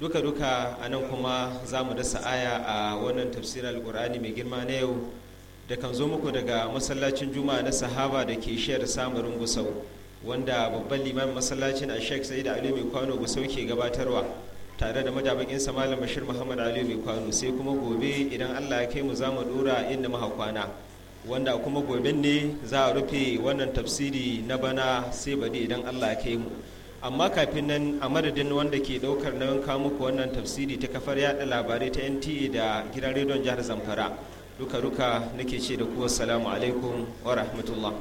duka-duka a nan kuma za mu dasa aya a wannan tafsirar alkur'ani mai girma na yau da kan zo muku daga masallacin juma'a na sahaba da ke shiyar samarin gusau wanda babban liman masallacin a sheik sai da aliyu mai kwano gusau ke gabatarwa tare da majabakin malam bashir muhammad aliyu mai kwano sai kuma gobe idan allah ya kai mu za mu dora inda muka kwana wanda kuma goben ne za a rufe wannan tafsiri na bana sai bari idan allah ya kai mu amma kafin nan a madadin wanda ke daukar nauyin kawo muku wannan tafsiri ta kafar yada labarai ta nta da gidan rediyon jihar zamfara duka-duka nake ce da ku assalamu alaikum wa rahmatullah